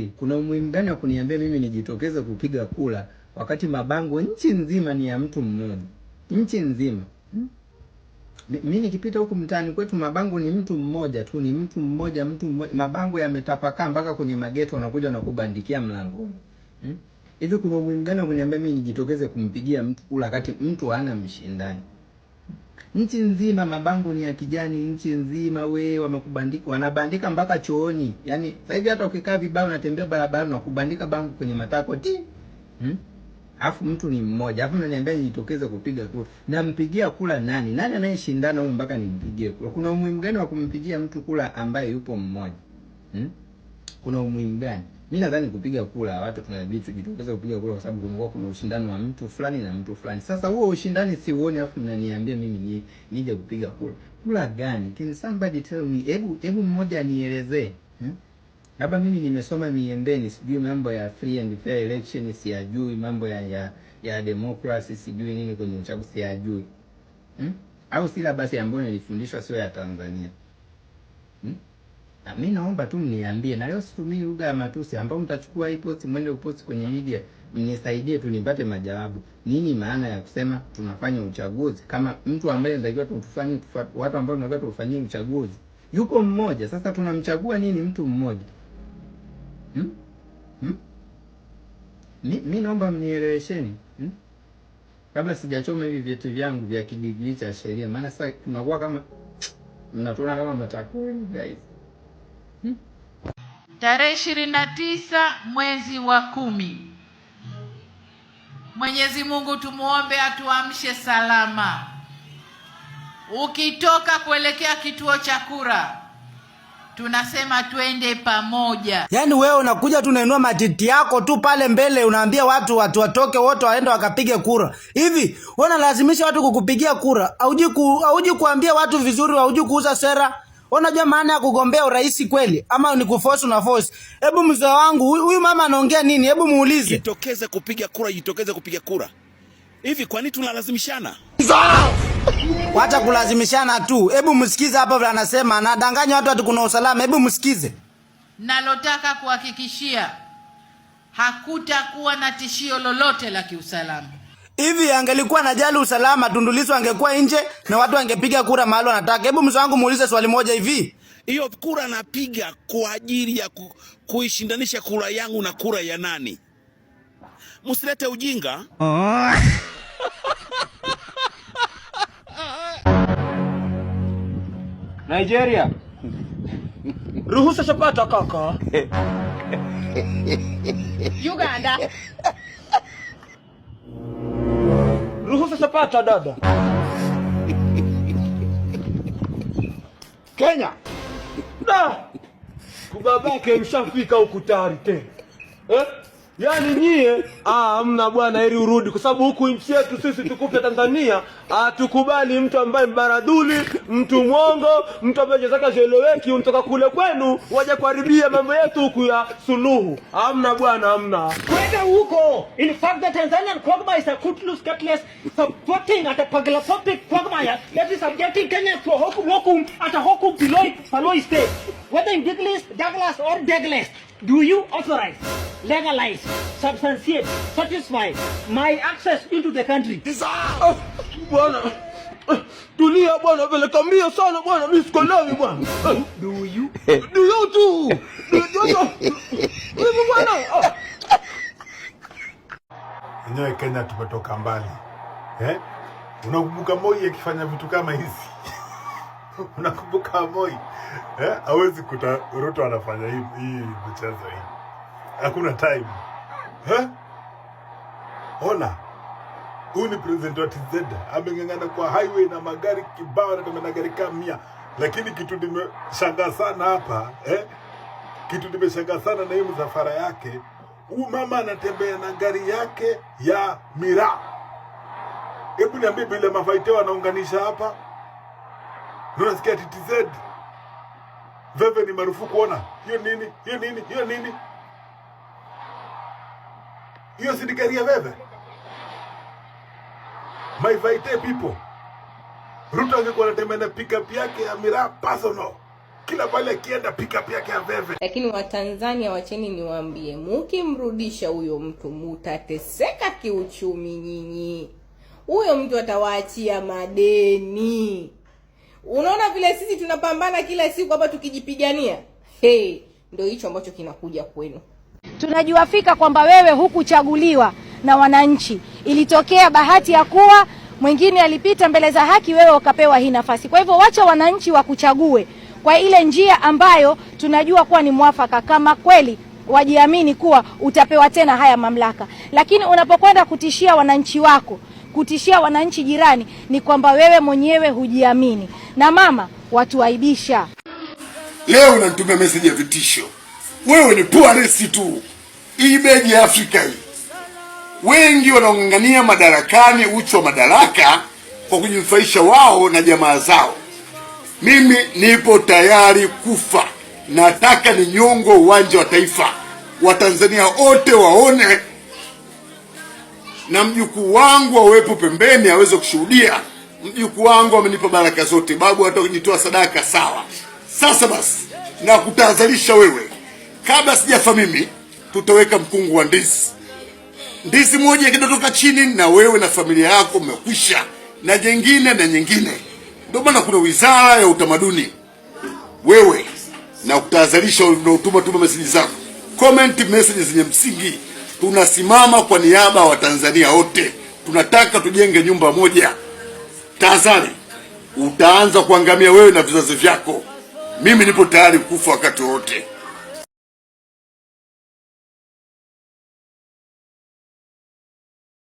hivi, kuna umuhimu gani wa kuniambia mimi nijitokeze kupiga kula wakati mabango nchi nzima ni ya mtu mmoja, nchi nzima hmm? Mimi nikipita huku mtaani kwetu mabango ni mtu mmoja tu, ni mtu mmoja, mtu mmoja. Mabango yametapakaa mpaka kwenye mageto, wanakuja na kubandikia mlangoni hmm? hivi Kuna umuhimu gani wa kuniambia mimi nijitokeze kumpigia mtu kula wakati mtu hana mshindani? nchi nzima mabango ni ya kijani nchi nzima, we wamekubandika, wanabandika mpaka chooni. Yani sasa hivi hata ukikaa vibaya unatembea barabara na kubandika bango kwenye matako ti hmm? Afu mtu ni mmoja, afu naniambia nitokeze kupiga kura. Nampigia kura nani? Nani anayeshindana huyu mpaka nimpigie kura? Kuna umuhimu gani wa kumpigia mtu kura ambaye yupo mmoja hmm? Kuna umuhimu gani? Mimi nadhani kupiga kura watu tunabidi tujitokeze kupiga kura kwa sababu kumekuwa kuna ushindani wa mtu fulani na mtu fulani. Sasa huo ushindani si uone afu mnaniambia mimi ni nije kupiga kura. Kura gani? Can somebody tell me? Hebu hebu mmoja anielezee. Hmm? Labda hmm? Mimi nimesoma miembeni, sijui mambo ya free and fair election, siyajui mambo ya ya, ya democracy, sijui nini kwenye uchaguzi siyajui. Hmm? Au basi ambayo nilifundishwa sio ya Tanzania. Hmm? Na mimi naomba tu mniambie, na leo situmii lugha ya matusi, ambao mtachukua hii post mwende uposti kwenye media, mnisaidie tu nipate majawabu. Nini maana ya kusema tunafanya uchaguzi kama mtu ambaye anatakiwa tumfanye, watu ambao tunataka tufanyie uchaguzi yuko mmoja? Sasa tunamchagua nini mtu mmoja hmm? hmm? Mi naomba mnielewesheni hmm? kabla sijachoma hivi vyeti vyangu vya kidigrii cha sheria, maana sasa tunakuwa kama mnatuona kama matakoni guys. Hmm? Tarehe ishirini na tisa mwezi wa kumi. Mwenyezi Mungu tumuombe atuamshe salama. Ukitoka kuelekea kituo cha kura tunasema twende pamoja. Yaani wewe unakuja tu unainua matiti yako tu pale mbele, unaambia watu watu watoke wote waende wakapige kura. Hivi wewe unalazimisha watu kukupigia kura? Hauji ku, hauji kuambia watu vizuri, hauji kuuza sera Unajua maana ya kugombea urais kweli, ama ni kuforce na force? Hebu mzee wangu, huyu mama anaongea nini? Hebu muulize. Jitokeze kupiga kura, jitokeze kupiga kura. Hivi nini tunalazimishana? Wacha kulazimishana tu. Hebu msikize hapa vile anasema, anadanganya watu, hata kuna usalama. Hebu msikize. Nalotaka kuhakikishia hakutakuwa na tishio lolote la kiusalama. Hivi angelikuwa anajali usalama, Tundu Lissu angekuwa nje na watu angepiga kura mahali wanataka. Hebu mzee wangu muulize swali moja hivi. Hiyo kura napiga kwa ajili ya ku, kuishindanisha kura yangu na kura ya nani? Msilete ujinga. Oh. Nigeria. Ruhusa chapata kaka. Uganda. Ruhusa sasa, pata dada Kenya da kubabake mshafika ukutari tena eh? Yaani nyie ah, hamna bwana, heri urudi, kwa sababu huku nchi yetu sisi tukufu ya Tanzania hatukubali ah, mtu ambaye mbaraduli, mtu mwongo, mtu ambaye jazaka zieleweki, unatoka kule kwenu waje kuharibia mambo yetu huku ya suluhu. Hamna bwana, hamna kwenda huko. In fact the Tanzanian quagmire is a cutlus cutlass supporting at a paglapopic quagmire that is subjecting Kenya to a hokum hokum at a hokum Paloi Paloi state whether in Douglas, Douglas or Douglas. Do you authorize? legalize, substantiate, satisfy my access into the country. tulia bwana, peleka mbio sana bwana, mimi sikolewi bwana. Do you? Do you too? Mimi bwana enyewe Kenya tumetoka mbali eh? Unakumbuka Moi akifanya vitu kama hizi unakumbuka Moi eh? Hawezi kuta Ruto anafanya hii michezo hii hakuna time eh? Ona, huyu ni president wa TZ ameng'ang'ana kwa highway na magari kibao, na magari kama mia. Lakini kitu nimeshangaa sana hapa eh? Kitu nimeshangaa sana na hii msafara yake, huyu mama anatembea na gari yake ya miraa. Hebu niambie, bila mafaite wanaunganisha hapa, unasikia TZ? veve ni marufuku. Ona hiyo nini, hiyo nini, hiyo nini hiyo si ni My Vaite people, Ruto angekuwa anatembea na pickup yake ya miraa personal kila pale akienda pickup yake ya veve. Lakini Watanzania, wacheni niwaambie, mukimrudisha huyo mtu mutateseka kiuchumi nyinyi. Huyo mtu atawaachia madeni. Unaona vile sisi tunapambana kila siku hapa tukijipigania, hey, ndio hicho ambacho kinakuja kwenu. Tunajua fika kwamba wewe hukuchaguliwa na wananchi, ilitokea bahati ya kuwa mwingine alipita mbele za haki, wewe ukapewa hii nafasi. Kwa hivyo wacha wananchi wakuchague kwa ile njia ambayo tunajua kuwa ni mwafaka, kama kweli wajiamini kuwa utapewa tena haya mamlaka. Lakini unapokwenda kutishia wananchi wako, kutishia wananchi jirani, ni kwamba wewe mwenyewe hujiamini. Na mama, watuaibisha leo unanitumia message ya vitisho wewe ni tuaresi tu. Hii beji ya Afrika hii, wengi wanaong'ang'ania madarakani, uchu wa madaraka kwa kujinufaisha wao na jamaa zao. Mimi nipo tayari kufa, nataka ni nyongo uwanja wa Taifa, Watanzania wote waone na mjukuu wangu awepo pembeni aweze kushuhudia. Mjukuu wangu amenipa baraka zote, babu hata kujitoa sadaka sawa. Sasa basi, nakutahadharisha wewe kabla sijafa mimi tutaweka mkungu wa ndizi. Ndizi moja ikidondoka chini, na wewe na familia yako mmekwisha, na nyingine na nyingine. Ndio maana kuna wizara ya utamaduni. Wewe na kutazalisha na utuma tuma message zako, comment message zenye msingi. Tunasimama kwa niaba ya Watanzania wote, tunataka tujenge nyumba moja Tazari Utaanza kuangamia wewe na vizazi vyako. Mimi nipo tayari kufa wakati wote.